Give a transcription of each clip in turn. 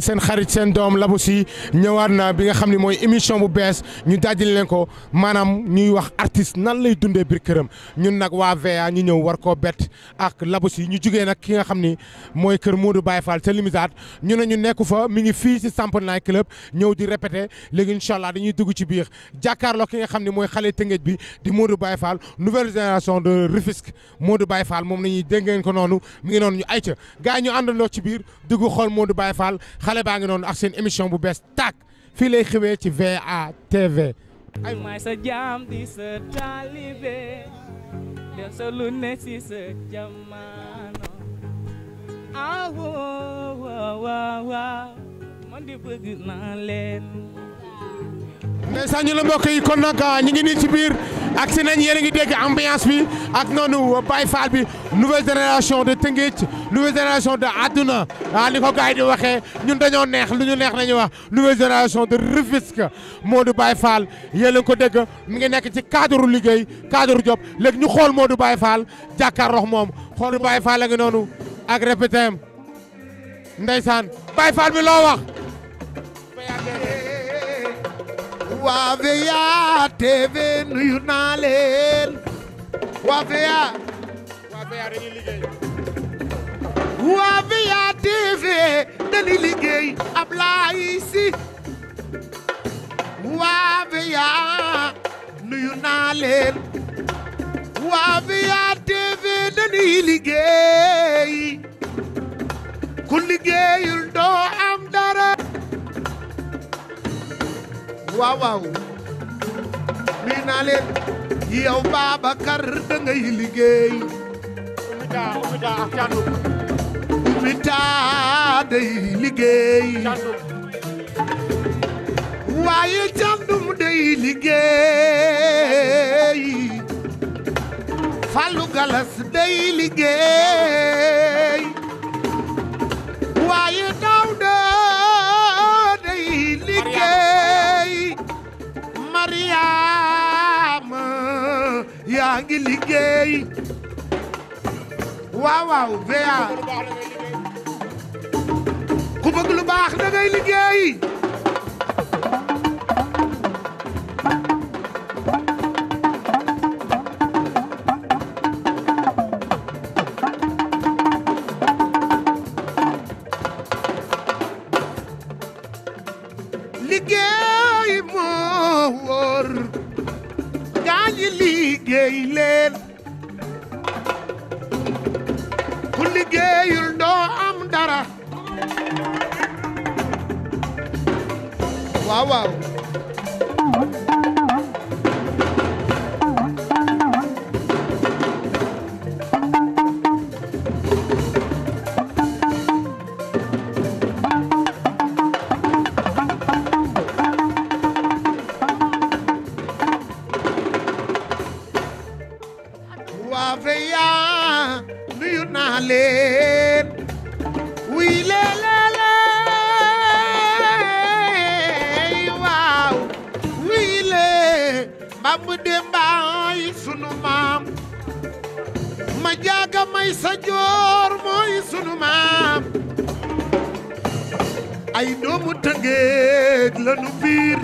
Sylla seen xarit seen doom Labou Sy ñëwaat na bi nga xam ne mooy émission bu bees ñu dajale leen ko maanaam ñuy wax artiste nan lay dundee biir këram ñun nag waa VA ñu ñëw war koo bett ak Labou si ñu jugee nag ki nga xam ni mooy kër Modou Baye Fall te limisaat ñu ne ñu nekku fa mi ngi fii si Sampanlaay Club ñëw di répété léegi incha allah dañuy dugg ci biir jàkkaarloo ki nga xam ne mooy xale tëngéej bi di Modou Baye Fall nouvelle génération de Rufisque Modou bay Fall moom la ñuy dégg noonu mi ngi noonu xale baa ngi noonu ak seen émission bu bees tàkk fii lay xewee ci VA TV. ay maay sa jaam di sa taalibe def sa lu ne si sa jamaano ah waaw waaw di bëgg naa leen. mais saa ñu la mbokk yi kon nag ah, ñu ngi nii ci biir. ak si nañ yéen a ngi dégg ambiance bi ak noonu Baye Fall bi nouvelle génération de Tëngéej nouvelle génération de adduna ah li ko gars yi di waxee ñun dañoo neex lu ñu neex nañu wax nouvelle génération de Rufisque moo Baye Fall yéen a ko dégg mu ngi nekk ci cadre liggéey cadre job léegi ñu xool Modou Baye Fall jàkkaarloo moom xool Baye Fall a ngi noonu ak répété am ndeysaan Baye Fall bi loo wax. waa VA TV nuyu naa leen waa VA. waa VA dañuy liggéey. waa VA TV dañuy liggéey Ablaye Sy. waa VA nuyu naa leen. waa VA TV dañuy liggéey ku liggéeyul waaw waaw nuyu naa leen yow Babacar da ngay liggéey liggéey waaye candum day liggéey Fallou Galas day liggéey baa ngi liggéey waaw ku bëgg lu baax da ngay liggéey waaw waaw doomu Tëngéej la nu biir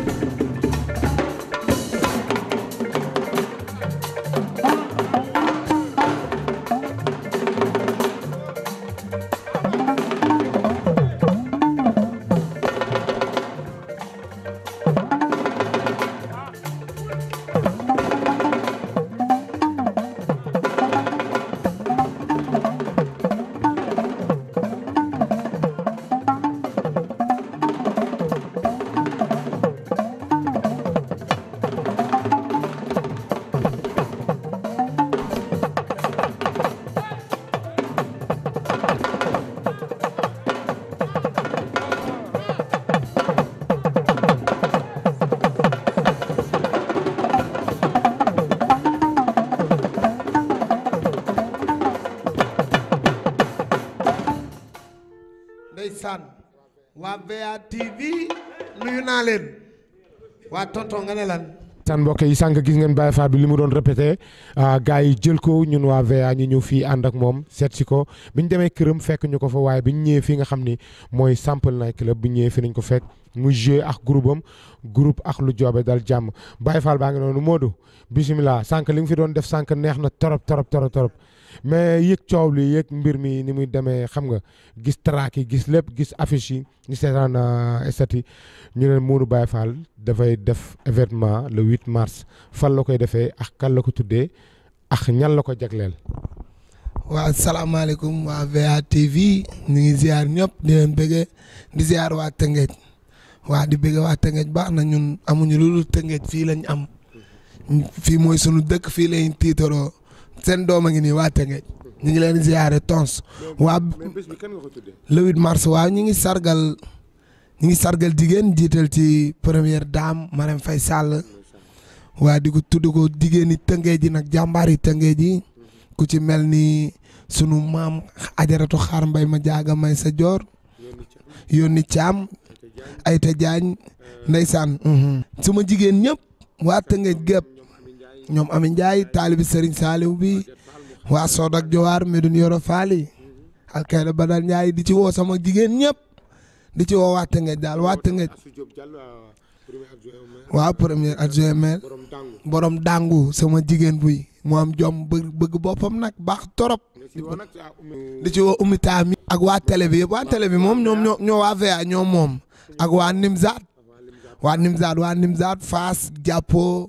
waa VA TV waa tonton nga ne lan tan mbokk yi sànq gis ngeen Baye Fall bi li mu doon répété ah, gars yi jël ko ñun waa VA ñu ñëw fii ànd ak moom seetsi ko bi ñu demee këram fekk ñu ko fa waaye bi ñu ñëwee fii nga xam ni mooy Sample Night Club bi ñëwee fii nañ ko fekk mu joué ak groupe am groupe ak lu joobe dal jàmm Baye Fall baa ngi noonu Modou bisimilah sànq li nga fi doon def sànq neex na torop torop torop torop mais yëg coow li yëg mbir mi ni muy demee xam nga gis traak gis lépp gis affiche yi ñu seetaan euh, estat yi ñu ne Modou Baye Fall dafay def événement le 8 mars fan la koy defee ak kan la ko tuddee ak ñan la ko jagleel. waaw salaamaaleykum waa VA TV ñu ngi ziar ñëpp di bëggee di ziar waa Tëngéej waa di bëggee waa Tëngéej baax na ñun amuñu lu dul Tëngéej fii lañ am fii mooy sunu dëkk fii lañ tiitaroo. seen doom a ngi nii waa Tëngéej ñu ngi leen ziare tons waa le 8 mars waaw ñu ngi sargal ñu ngi sargal jigéen jiital ci première daam Marème Faye Sall waa di ko tudd jigéen yi Tëngéej ji nag jàmbaar yi Tëngéej ji ku ci mel ni sunu maam ajaratu xaar mbay ma jaaga may sa joor yónni caam ay ta jaañ ndeysaan mhm. suma jigéen ñëpp waa Tëngéej gépp ñoom Ami Ndiaye taalibi Serigne Saliou bi waa Sood ak Jowaar Medoune Yoro Fall yi ak Kayda di ci woo sama jigéen ñëpp di ci woo waa Tëngéej daal waa Tëngéej premier adjoint borom dàngu sama jigéen buy mu am jom bëgg boppam nag baax torop di ci woo umita mi ak waa télé bi yëpp waa moom ñoom ñoo ñoo waa ñoom moom ak waa Nimzaat waa Nimzaat waa Nimzaat jàppoo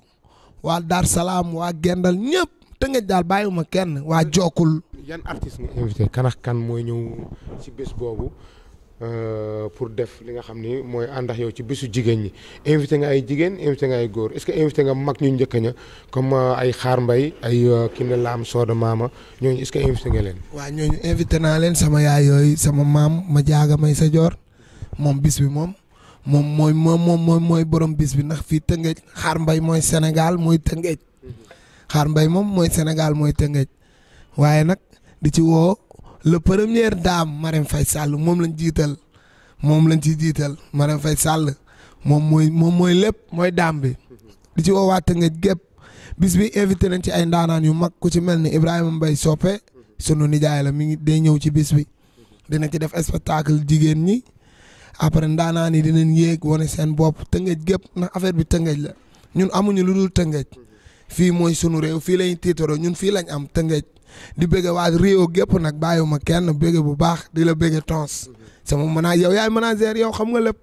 waa Dar Salaam waa Gendal ñëpp Tëngéej daal ma kenn waa Jokul. yan artiste nga invité kan kan mooy ñëw ci bés boobu euh, pour def li nga xam ni mooy ànd ak yow ci bisu jigéen ñi invité nga ay jigéen invité nga ay góor est-ce invité nga mag ñu njëkk ña comme euh, ay Xaar Mbay ay euh, la am Sooda Maama ñooñu est-ce que invité nga leen. waaw ñooñu invité naa leen sama yaay yooyu sama maam ma jaaga may sa joor moom bis bi moom. moom mooy moom moom mooy borom bis bi ndax fii Tëngéej xaar mbay mooy Sénégal mooy Tëngéej xaar mbay moom mooy Sénégal mooy Tëngéej waaye nag di ci woo le première dame Marème Faye Sall moom lañ jiital moom lañ ciy jiital Marème Faye Sall moom mooy moom mooy lépp mooy daam bi di ci woo waa Tëngéej gépp bis bi invité nañ ci ay ndaanaan yu mag ku ci mel ni Ibrahima Mbaye Soppe sunu nijaay la mi ngi day ñëw ci bis bi dina ci def spectacle jigéen ñi après ndaanaan yi dinañ yéeg wane seen bopp tëngëj gépp ndax affaire bi tëngëj la ñun amuñu lu dul tëngëj fii mooy sunu réew fii lañu tiitaroo ñun fii lañ am tëngëj di bëgg waat réew gépp nag bàyyiwuma kenn bëgg bu baax di la bëgg tons sama manager yow yaay manager yow xam nga lépp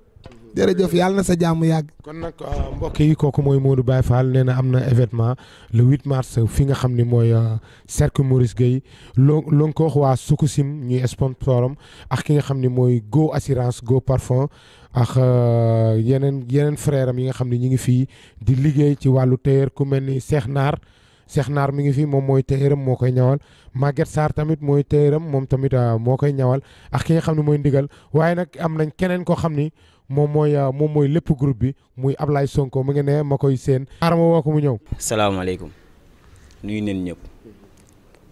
jërëjëf yàlla na sa jàmm yàgg. kon nag euh, mbokk yi kooku mooy Modou Baye Fall nee na am na événement le 8 mars fi nga xam ni mooy euh, cercle Maurice Gueye loo loo nga ko wax waa Sukusim ñuy sponsoram ak ki nga xam ni mooy Go Assurance Go Parfum ak euh, yeneen yeneen frère am yi nga xam ni ñu ngi fii di liggéey ci wàllu tailleur ku mel ni Cheikh Naar. Cheikh Naar mi ngi fi moom mooy téyeram moo koy ñawal Maguette Sarr tamit mooy téyeram moom tamit moo koy ñawal ak ki nga xam ne mooy ndigal waaye am nañ keneen koo xam ni moom mooy euh, moom mooy lépp groupe bi muy Ablaye Sonko mu ngi ne ma koy seen arama woo ko mu ñëw salaamaaleykum nuyu neen ñëpp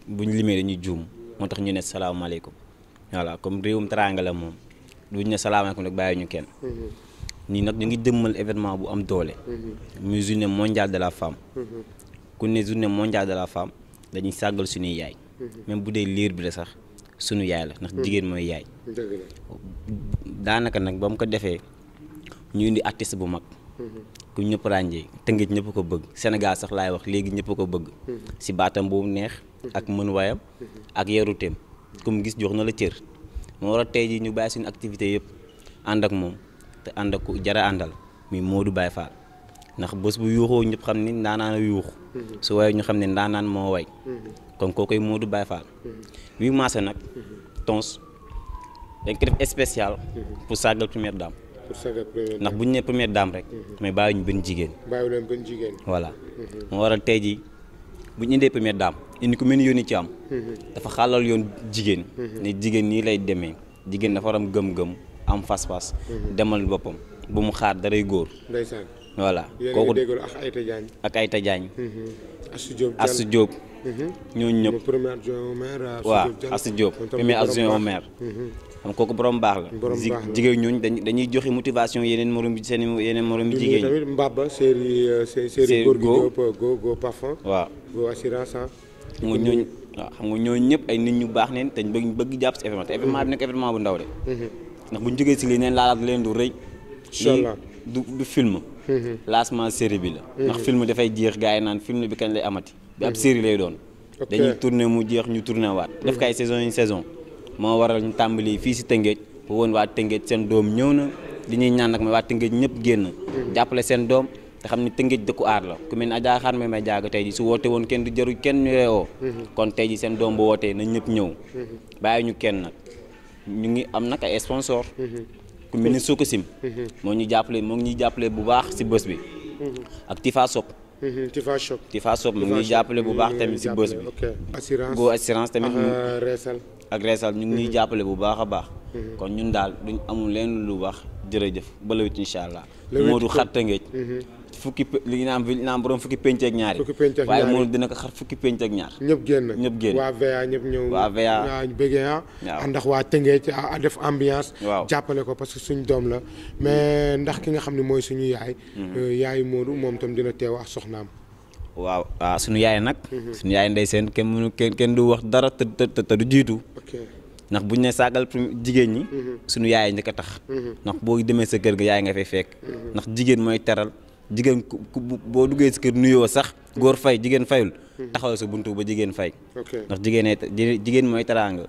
buñ limee dañuy juum moo tax ñu ne salaamaaleykum voilà comme réewum teraanga moom duñ ne salaamaaleykum rek bàyyi ñu kenn mm-hmm. nii nag ñu ngi dëmmal événement bu am doole mm-hmm. muy journée mondiale de la femme mm-hmm. ku ne journée mondiale de la femme dañuy sàggal suñuy yaay même bu dee liir bi la sax sunu yaay la ndax hmm. jigéen mooy yaay. daanaka nag ba mu ko defee ñu indi artiste bu mag. Hmm. ku ñëpp ràññee tëngit ñëpp ko bëgg senegal sax laay wax léegi ñëpp ko bëgg. Hmm. si baatam bu neex. ak mën waayam. ak yaruteem. comme gis jox na la cër. moo war a tey jii ñu bàyyi suñu activité yëpp ànd ak moom te ànd ak ku jara àndal muy Modou Baye Fall ndax bés bu yuuxoo ñëpp xam ni ndaanaan a yuux. su waay ñu xam ne ndaanaan moo way kon kookoy Modou Baye Fall. 8 mars nag. tons dañ ko def spécial. pour sargal première dame. ndax bu ñu nee première dame rek. mais bàyyiwuñu ñu jigéen. bàyyiwu benn jigéen. voilà mhm. moo waral tey jii bu ñu indee première dame indi ko mel ni yoon ci am. Mhm. dafa xàllal yoon jigéen. Mhm. ne jigéen nii lay demee jigéen dafa war am gëm-gëm am fas-fas. demal boppam bu mu xaar daray góor. ndeysaan voilà kooku a ngi ak Ayta Diagne. ak Ayta Mm-hmm. ñooñu ñëpp waaw Assa Diop premier adjoint au maire xam euh, mm-hmm. kooku borom baax la jigéen ñooñu dañuy joxe motivation yeneen morom bi seen yeneen morom bi jigéen ñi Mbaba Séeri euh, Séeri Góor euh, Go Go Parfum waaw Go Assurance xam nga ñooñu waaw ay nit ñu baax neen te bëgg bëgg jàpp si événement te événement bi nekk événement bu ndaw de mm-hmm. ndax bu ñu si lii neen laalaat leen du rëy inchaallah du du film lancement série bi la ndax film dafay jeex gars yi naan film bi kañ lay amati ab mhm. série lay doon. dañuy tourné mu jeex ñu tourné waat. def ko ay saison yi saison moo waral ñu tàmbali fii si Tëngéej bu woon waa Tëngéej seen doom ñëw na li ñuy ñaan nag mooy waa Tëngéej ñëpp génn. Mhm. jàppale seen doom te xam ne Tëngéej dëkku aar la ku mel ne Adja Xaar may may jaaga tey ji su woote woon kenn di jaru kenn ñu reewoo mhm. kon tey ji seen doom bu wootee na ñëpp ñëw. bàyyi ñu kenn nag ñu ngi am nag ay sponsor ku mel ni Sokosim. moo ñu jàppale moo ngi ñuy jàppale bu baax si bés bi. Mhm. Tifa Shop. Tifa mu ngi jàppale bu baax tamit si bës bi. assurance go assurance tamit. ak reesal ak reesal ñu ngi ñuy mhm. jàppale bu baax a baax. Mhm. kon ñun daal duñ amul leen lu wax. jërëjëf ba lawit incha allah. Modou xar Tëngéej. Mhm. fukki pe li naan li naan borom fukki penc ak ñaari. fukki penc ak ñaari waaye Modou dina ko xar fukki penc ak ñëpp génn ñëpp génn waa ñëpp ñëw. waa waa bëggee ah. a def ambiance. waaw jàppale ko parce que suñ doom la. mais mm-hmm. ndax nga xam ne mooy suñu yaay. Mm-hmm. Euh, yaayu Modou moom itam dina teew ak soxnaam. waaw waaw ah, suñu yaay nag. Mm-hmm. suñu yaay ndey seen kenn mënu kenn kenn du wax dara te te te du jiitu. ndax bu ñu ne saagal jigéen ñi mhm. suñu yaay njëkk a tax mhm. ndax boo demee sa kër ga yaay nga fay fekk mhm. ndax jigéen mooy teral jigéen ku boo duggee si kër nuyoo sax góor fay jigéen fayul taxawal sa buntu ba jigéen fay ndax jigéenee jigéen mooy teraanga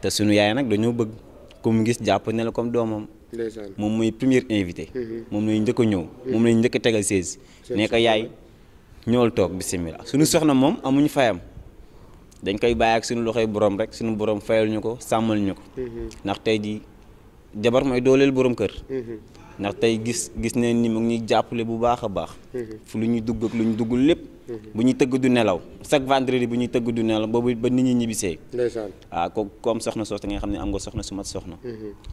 te sunu yaay nag dañoo bëgg comme gis jàpp ne la comme doomam moom mooy premier invité moom lay njëkk a ñëw moom lay njëkk tegal seize nee ko yaay ñëwal toog bisimilah suñu soxna moom amuñu fayam dañ koy bàyyi ak suñu loxoy borom rek suñu borom fayal ñu ko sàmmal ñu ko. Mm-hmm. ndax tey ji jabar mooy dooleel borom kër. Mm-hmm. ndax tey gis gis nañ ni mu ngi ñuy jàppale bu baax a baax. Mm-hmm. fu lu ñuy dugg ak lu ñu duggul lépp. bu ñuy tëgg du nelaw chaque vendredi bu ñuy tëgg du nelaw boobu ba nit ñi ñibbisee. ndeysaan waaw ko comme soxna soos da nga xam ne am nga soxna su mat soxna.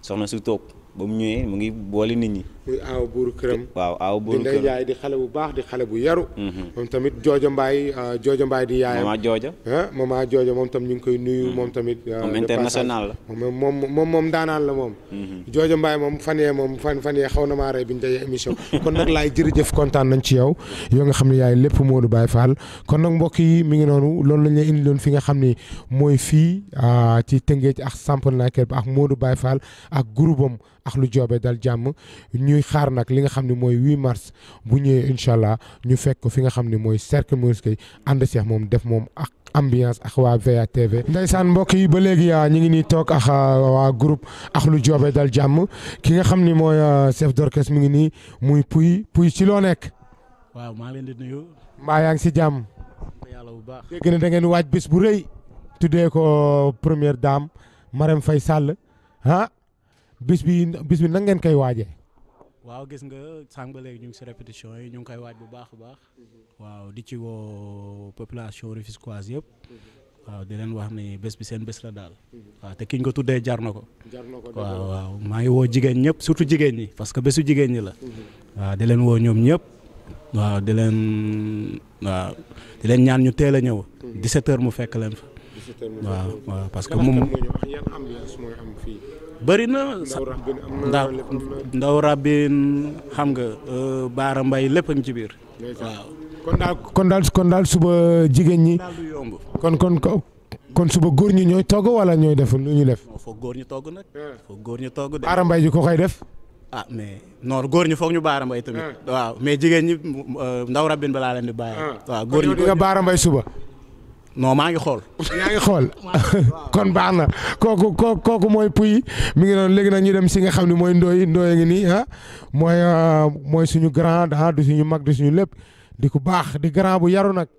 soxna su toog. ba mu ñëwee mu ngi boole nit ñi. muy aaw buuru këram. waaw aaw buuru këram di yaay di xale bu baax di xale bu yaru. Mm-hmm. moom tamit jooja mbaay euh, jooja mbaay di yaayam. maman jooja. maman jooja moom tam ñu ngi koy nuyu. Mm-hmm. moom tamit. Euh, moom international la. moom moom moom daanaan la moom. Mm-hmm. jooja mbaay moom fan yee moom fan fan yee xaw na maa rey bi ñu dajee émission. kon nag laay jërëjëf kontaan nañ ci yow. yoo nga xam ne yaay lépp Modou Baye Fall kon nag mbokk yi mi ngi noonu loolu lañ lay indi loon fi nga xam ni mooy fii euh, ci Tëngéej ak Samp Nakel ak Modou Baye Fall ak groupe am ak lu joobe dal jàmm ñuy xaar nag li nga xam ne mooy 8 mars bu ñëwee incha allah ñu fekk ko fi nga xam ni mooy cercle Mouskay ànd seex moom def moom ak ambiance ak waa VA TV. ndeysaan mbokk yi ba léegi ah, ñu ngi nii toog ak ah, waa group ak lu joobee dal jàmm ki nga xam ni mooy ah, chef d'orchestre mi ngi nii muy puy puy ci loo nekk. waaw maa leen di nuyu. mbaa si jàmm. yàlla bu baax dégg na da ngeen waaj bis bu rëy. tuddee ko première daam Marème fay sàll bis bi bis bi nan ngeen koy waajee. waaw gis nga sànq ba ñu ngi si répétition yi ñu ngi koy waaj bu baax a baax. Mhm. waaw di ci woo population rufisquoise yëpp. Mhm. waaw di leen wax ni bés bi seen bés la daal. Mhm. waaw te kiñ ko tuddee jar na ko. jar na ko waaw maa ngi woo jigéen ñëpp surtout jigéen ñi parce que bésu jigéen ñi la. waaw di leen woo ñoom ñëpp. waaw di leen waaw di leen ñaan ñu teel a ñëw. di h mu fekk leen fa. waaw parce que moom. yan ambiance mooy am fii. bëri na ndaw ndaw xam nga euh, baara mbay lépp a ngi ci biir kon daal kon daal kon daal suba jigéen ñi kon kon kon suba góor ñi ñooy togg wala ñooy def lu ñu def foog góor ñi togg nag eh. foog góor ñi togg de baara mbay ji ko koy def ah mais non góor ñi foog ñu baara mbay tamit eh. waaw mais jigéen ñi euh, ndaw rabin balaa leen di bàyyi eh. waaw góor ñi nga baara mbay suba non maa ngi xool. xool kon baax na kooku kooku kooku mooy puy mi ngi noonu léegi nag ñu dem si nga xam ne mooy ndooy ndooy ngi nii ah mooy ah, mooy suñu grand ah du suñu mag du suñu lépp di ku baax di grand bu yaru nag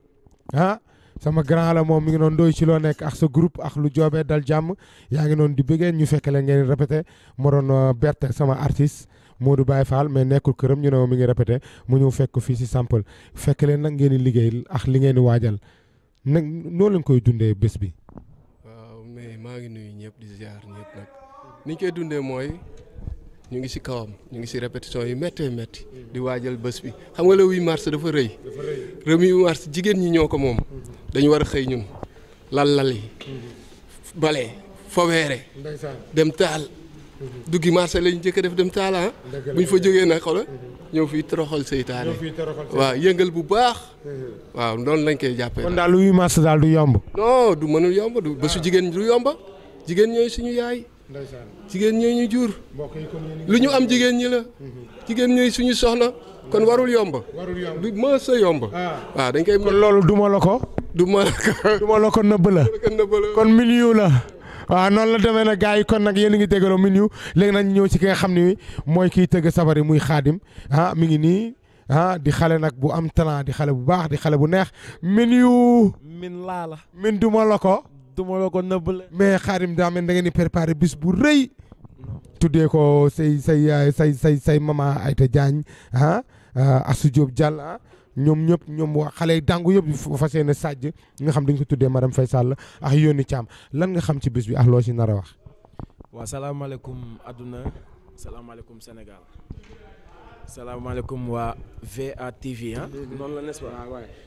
ah. sama grand la moom mi ngi noonu ndooy ci loo nekk ak sa groupe ak lu joobee dal jàmm yaa ngi noonu di bëggee ñu fekk leen ngeen répété moo doon ah, berte sama artiste. Modou Baye Fall mais nekkul këram ñu ne mi ngi répété mu ñëw fekk fii si sample fekk leen nag ngeen di liggéey ak li ngeen di waajal. nag noonu lañ koy dundee bés bi. waaw mais maa ngi nuyu ñëpp di ziar ñëpp nag ni ñu koy dundee mooy ñu ngi ci kawam ñu ngi ci répétition yu méttee métti di waajal bés bi xam nga le 8 mars dafa rëy. dafa rëy mars jigéen ñi ñoo ko moom. Mm-hmm. dañu war a xëy ñun lal lal yi. Mm-hmm. bale foweere dem taal. duggi marché lañu njëkk a def dem taala ah. bu ñu fa jógee na xoolal ñëw fii toroxal seytaane waa yëngal bu baax waaw noonu lañ koy jàppee kon daal lu marché daal du yomb non du mënul yomb du ba ah. jigéen du yomba jigéen ñooy suñu yaay jigéen ñooy ñu jur lu ñu am jigéen ñi la mhm. jigéen ñooy suñu soxna kon warul yomb du ma sa yomb ah. waaw dañ koy kon loolu duma la ko duma la ko duma nëbb la kon milieu la waaw noonu la demee nag gars yi kon nag yéen a ngi déggoo min yu léegi nañ ñëw ci ki nga xam ni mooy kiy tëgg sabar yi muy xaadim ah mi ngi nii ah di xale nag bu am talent di xale bu baax di xale bu neex min yu min laa la min duma la ko duma la ko nëbb la mais xaadim daa mel da ngeen di préparé bis bu rëy tuddee ko say say say say say mama Ayta Diagne ah, ah Assou Diop ah. ñoom ñëpp ñoom wax xale yi dàngu yëpp fas yéene sàjj nga xam dañ ko tuddee madame Faye Sall ak Yoni Thiam lan nga xam ci bés bi ak loo si nar a wax. waa salaamaaleykum adduna salaamaaleykum Sénégal salaamaaleykum waa VA TV ah. noonu la n'est-ce ah,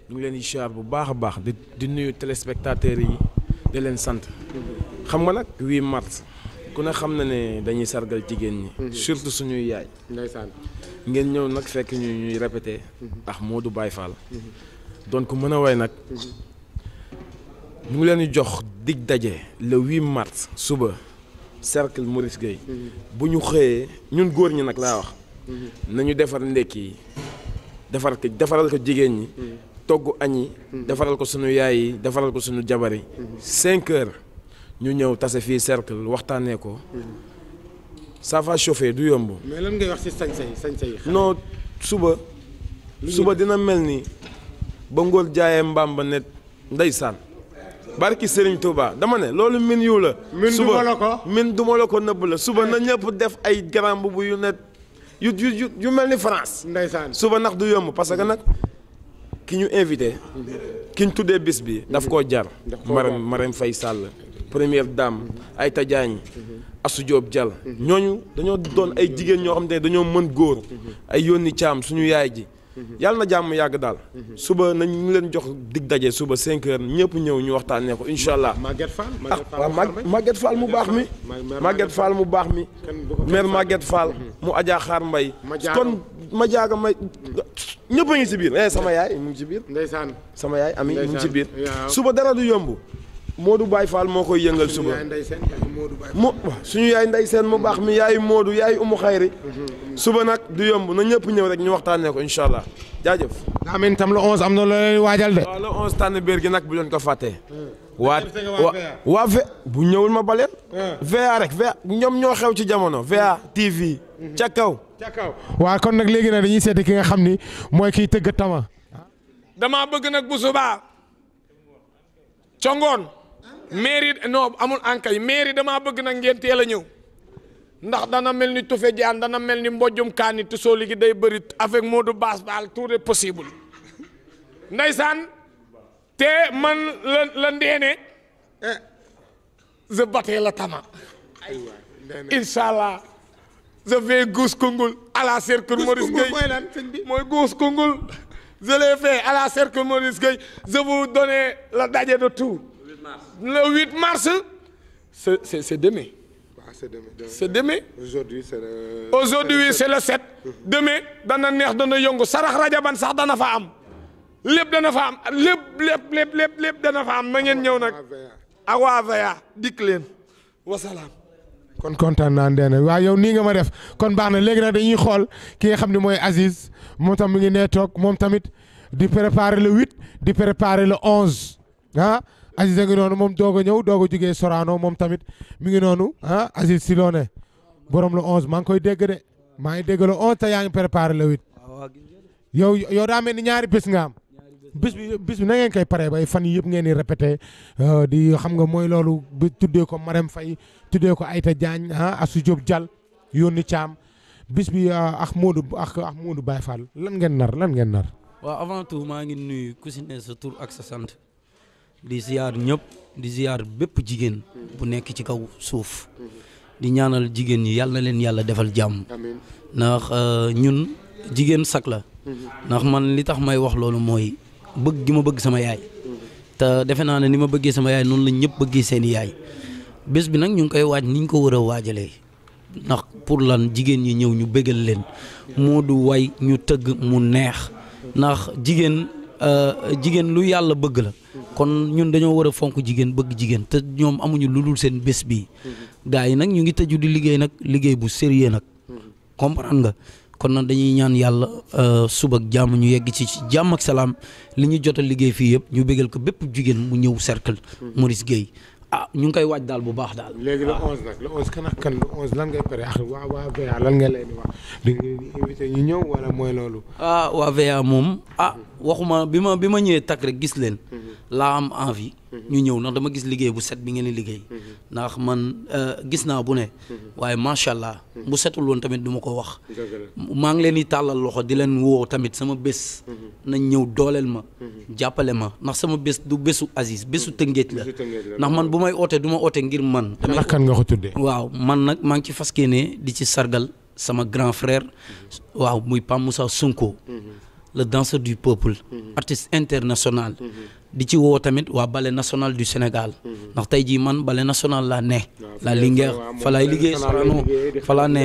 ñu ngi leen di ziar bu baax a baax di di nuyu téléspectateurs yi di leen sant. xam nga nag 8 mars. ku ne xam na ne dañuy sargal jigéen ñi. Mhm. surtout suñuy yaay. ndeysaan ngeen ñëw nag fekk ñu ñuy répété. Mhm. moo du Baye Fall. Mhm. donc ku mën a way nag. mu ngi leen di jox dig daje le 8 mars. suba cercle Maurice Gueye. bu ñu xëyee ñun góor ñi nag laa wax. nañu defar ndekki yi defar ko defaral ko jigéen ñi. togg añ yi. defaral ko suñu yaay yi defaral ko suñu jabar yi. 5 heures. ñu ñëw tase fii cercle waxtaanee ko ça va chauffer du yomb. mais lan ngay wax ci sañse yi sañse suba. suba dina mel ni ba ngóor jaayee mbaam ba ne ndeysaan barki Serigne Touba dama ne loolu min yu la. suba min ko min duma la ko nëbb la suba na ñëpp def ay garam bu yu ne yu yu yu mel ni France. ndeysaan suba nax du yomb parce que nag ki ñu invité. Mm-hmm. ki ñu tuddee bis bi. daf mm-hmm. koo jar. Marème Marème fay Sall. première dame Aïta Diagne Assou Diop Dial ñooñu dañoo doon ay jigéen ñoo xam te dañoo mën góor ay yónni caam suñu yaay ji yàlla na jàmm yàgg daal suba nañ ñu leen jox dig daje suba cinq heures ñëpp ñëw ñu waxtaanee ko incha allah ah waaw Maguette Fall mu baax mi Maguette Fall mu baax mi maire Maguette Fall mhm. mu Adja Xaar Mbay ma jaaga may ñëpp a ngi si biir eh, sama yaay mu ngi si biir sama yaay ami mu ngi biir suba dara du yomb Modou baay Fall moo koy yëngal suba mo suñu yaay ndey seen mu baax mi yaayu Modou yaayu umu xayri mhm. suba nag du yomb na ñëpp ñëw rek ñu waxtaanee ko incha allah jaajëf. amiin tam le 11 am na loo waajal de. waaw le gi nag bu doon ko fàttee. Hmm. waa waa bu ñëwul ma baleen. Hmm. VA rek VA ñoom ñoo xew ci jamono VA hmm. TV. ca kaw ca kaw. waa kon nag léegi nag dañuy seeti ki nga xam ni mooy kiy tëgg tama. dama bëgg nag bu subaa. congoon. mairie noo amul ankay mairie damaa bëgg na ngeen teel a ñëw ndax dana mel ni tufe jaan dana mel ni mbojjum kaani tusoo ligi day bërit avec moo Modou baas Baal tout est possible ndeysaan te man la la ndeene eh. je batee la tama incha allah je guus kungul à la cercle Maurice Gueye mooy guus kungul je l'ai fait à la cercle Maurice Gueye je la daje de tout le 8 mars c'est c'est c'est demain. waaw ah, c'est demain c'est demain. aujourd'hui c'est le. aujourd'hui c'est le 7. demain dana neex dana yëngu sarax rajaban sax dana fa am lépp dana fa am lépp lépp lépp lépp dana fa am na ngeen ñëw nag. a waa VA dikk leen wasalaam. kon kontaan naa Ndeye waaw yow nii nga ma def kon baax na léegi nag dañuy xool ki nga xam ne mooy Aziz moom tam mu ngi nee moom tamit di préparer le huit di préparer le 11 ah. Aziz a ngi noonu moom doog ñëw doog a jugee Sorano moom tamit mi ngi noonu ah Aziz si loone la 11 maa ngi koy dégg de maa ngi dégg la 11 te yaa ngi préparé le ah, yow yow daa mel ni ñaari bés nga am bis bi bis bi na ngeen koy bay fan yëpp ngeen di répété euh, di xam nga mooy loolu bi tuddee ko Marème fay tuddee ko Aïta Diagne ah Assou Diop Dial yónni Thiam bis bi euh, ak Modou ak ak Modou Baye Fall lan ngeen nar lan ngeen nar. waaw avant tout maa ngi nuyu ku si ak sa sant. di ziar ñëpp di ziar bépp jigéen bu nekk ci kaw suuf di ñaanal jigéen ñi yàlla na leen yàlla defal jàmm ndax euh, ñun jigéen sag la ndax man li tax may wax loolu mooy bëgg gi ma bëgg sama yaay te defe naa ne ni ma bëggee sama yaay noonu la ñëpp bëggee seen yaay bés bi nag ñu ngi koy waaj ni ñu ko war a waajalee ndax pour lan jigéen ñi ñëw ñu bégal leen moo du way ñu tëgg mu neex ndax jigéen Euh, jigéen lu yàlla bëgg la kon ñun dañoo war a fonk jigéen bëgg jigéen te ñoom amuñu lu dul seen bés bi gars yi nag ñu ngi tëju di liggéey nag liggéey bu sérieux nag comprendre nga kon nag dañuy ñaan yàlla euh, suba ak jàmm ñu yegg ci jàmm ak salaam li ñu jot liggéey fii yëpp ñu bégal ko bépp jigéen mu ñëw cercle Maurice Gueye ah ñu ngi koy waaj daal bu baax daal. léegi la 11 nag le 11 kan ak kan le 11 lan ngay pare ak ah, waa waa VA lan nga lay di wax di ñu ñëw wala mooy loolu. ah waa VA moom. a ah, waxuma bi ma bi ma ñëwee takk rek gis leen. Mhm. laa am envie. ñu ñëw ndax dama gis liggéey bu set bi ngeen di liggéey. ndax man euh, gis naa bu ne. waaye macha allah. bu setul woon tamit du ma ko wax. maa ngi leen di tàllal loxo di leen woo tamit sama bés. nañ ñëw dooleel ma. jàppale ma ndax sama bés du bésu Aziz bésu tëngéej la. ndax man bu may oote duma oote ngir man. ndax kan nga ko tuddee. waaw man nag maa ngi ci fas ne di ci sargal sama grand frère. waaw muy Pape Moussa Sonko. le du peuple. artiste international. di ci woo tamit waa bale national du Sénégal mhm. ndax tey jii man ballet national laa ne la Linguère fa liggéey Sorano fa laa ne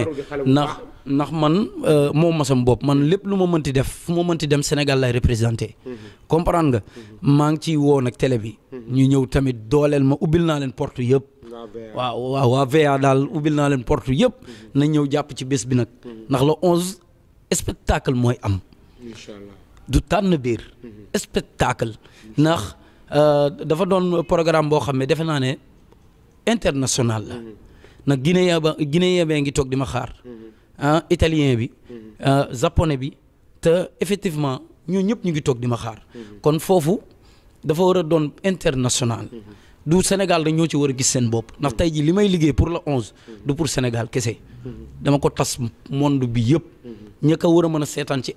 ndax ndax man euh, moom ma sama man lépp lu ma mënti def fu ma mënti dem Sénégal lay représenté mhm. comprendre nga mhm. maa ngi ciy woo nag télé bi ñu ñëw tamit dooleel ma ubbil naa leen porte yëpp waaw waa VA daal ubbil naa leen porte yëpp na ñëw jàpp ci bés bi nag ndax la onze spectacle mooy am du tànn biir spectacle ndax euh, dafa doon programme boo xam ne defe naa ne international la mhm. nag guinéen ba guinéen bee ngi toog di ma xaar mhm. ah italien bi mhm. ah, japonais bi te effectivement ñoo ñëpp ñu ngi toog di ma xaar kon foofu dafa war a doon international du Sénégal da ñoo ci war a gis seen bopp ndax tey jii li may liggéey pour le onze du pour Sénégal kese dama ko tas monde bi yëpp ña war a mën a seetaan ci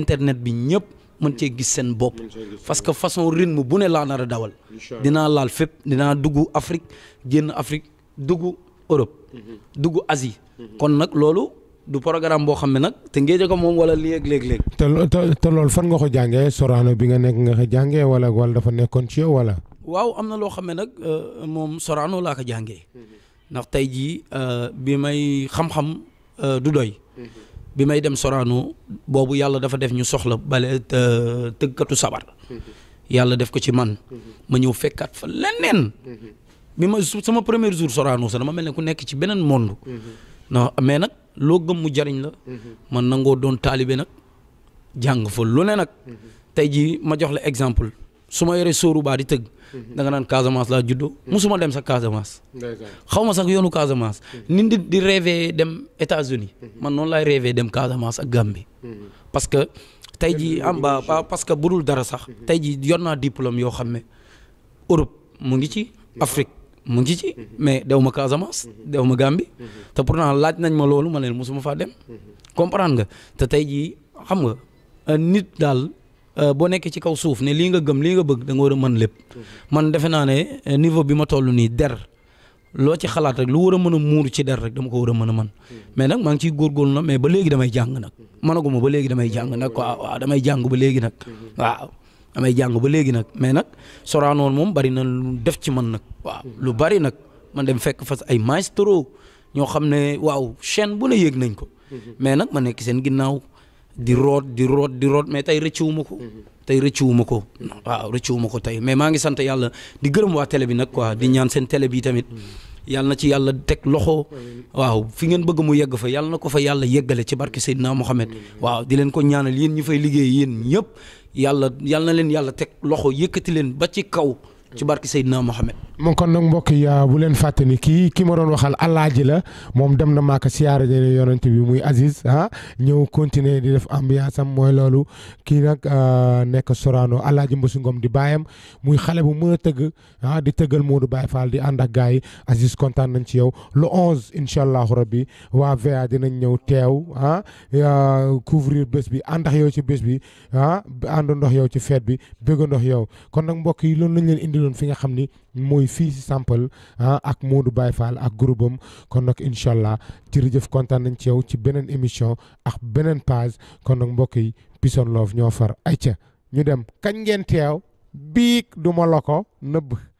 internet bi ñëpp mën cee gis seen bopp parce que façon rythme bu ne laa nara a dawal dinaa laal fépp dinaa dugg Afrique génn Afrique dugg Europe dugg asi kon nag loolu du programme boo xam ne nag te ngéej ko moom wala lii ak léeg-léeg. te te loolu fan nga ko jàngee Sorano bi nga nekk nga ko jàngee wala wala dafa nekkoon ci wala. waaw am na loo xam ne nag euh, moom soraano laa ko jàngee ndax tey jii euh, bi may xam-xam euh, du doy. bi may dem Sorano boobu yàlla dafa def ñu soxla bale tëggatu sabar yàlla def ko ci man ma ñëw fekkaat fa leneen bi ma sama première jour Sorano sax dama mel ne ku nekk ci beneen monde non mais nag loo gëmmu jariñ la man nangoo doon taalibe nag jàng fa lu ne nag tey jii ma jox la exemple su ma yoree sóoru baa di tëgg da nga naan Casamance laa juddoo musuma dem sax Casamance xaw ma sax yoonu Casamance hmm. nit di di dem États-Unis hmm. man noonu laay rêvé dem Casamance ak Gambie hmm. parce que tey jii am ba parce que bu dul dara sax tey jii yor naa diplôme yoo xam ne Europe mu ngi ci Afrique mu ngi ci mais dew ma Casamance dew ma Gambie te pourtant laaj nañ ma loolu ma leen musuma faa dem comprendre nga te tey jii xam nga euh, nit daal Euh, boo nekkee ci kaw suuf ne lii nga gëm lii nga bëgg da nga war a mën lépp man defe naa ne euh, niveau bi ma toll nii der loo ci xalaat rek lu war a mën a muur ci der rek dama ko war a mën a man mais nag maa ngi ciy góorgóorlu na mais ba léegi damay jàng nag managuma ba léegi damay jàng nag quoi waaw damay jàng ba léegi nag waaw damay jàng ba léegi nag mais nag soraanoon moom bari na lu def ci man nag waaw lu bari nag man dem fekk fas ay maestro ñoo xam ne waaw chaîne bu la yéeg nañ ko mhm. mais nag ma nekk seen ginnaaw di root di root di root mais tey rëccuwuma ko. Mhm. tey rëccuwuma ko. waaw rëccuwuma ko tey mais maa ngi sant yàlla di gërëm waa tele bi nag quoi di ñaan seen tele bi tamit. Mhm. yàlla ci yàlla teg loxo. waaw fi ngeen bëgg mu yegg fa yàlla na ko fa yàlla yeggale ci barke Seydina Mohamed. waaw di leen ko ñaanal yéen ñi fay liggéey yéen ñëpp yàlla yàlla leen yàlla teg loxo yëkkati leen ba ci kaw. ci barke Seydina Mohamed. moom kon nag mbokk yi ah, bu leen fàtte ni kii ki ma doon waxal alaaji la moom dem na maaka siyaara jële yonent bi muy Aziz ah ñëw continuer di def ambiance mooy loolu kii nag ah, nekk Sorano alaaji Mbassu Ngom di baayam muy xale bu mën a tëgg ah di tëggal Modou Baye Fall di ànd ak gars yi Aziz kontaan nañ ci yow le onze incha allahu rabbi waa VA dinañ ñëw teew ah couvrir bés bi ànd ak yow ci bés bi ah ànd ndox yow ci fête bi bëgg ndox yow kon nag mbokk yi loolu nañ leen indiloon fi nga xam ni mooy fii si Sampal ah ak Modou baay Fall ak groupe am kon nag incha allah jërëjëf kontaan nañ ci yow ci beneen émission ak beneen page kon nag mbokk yi Peace and ñoo far ayca ñu dem kañ ngeen teew biig du ma ko nëbb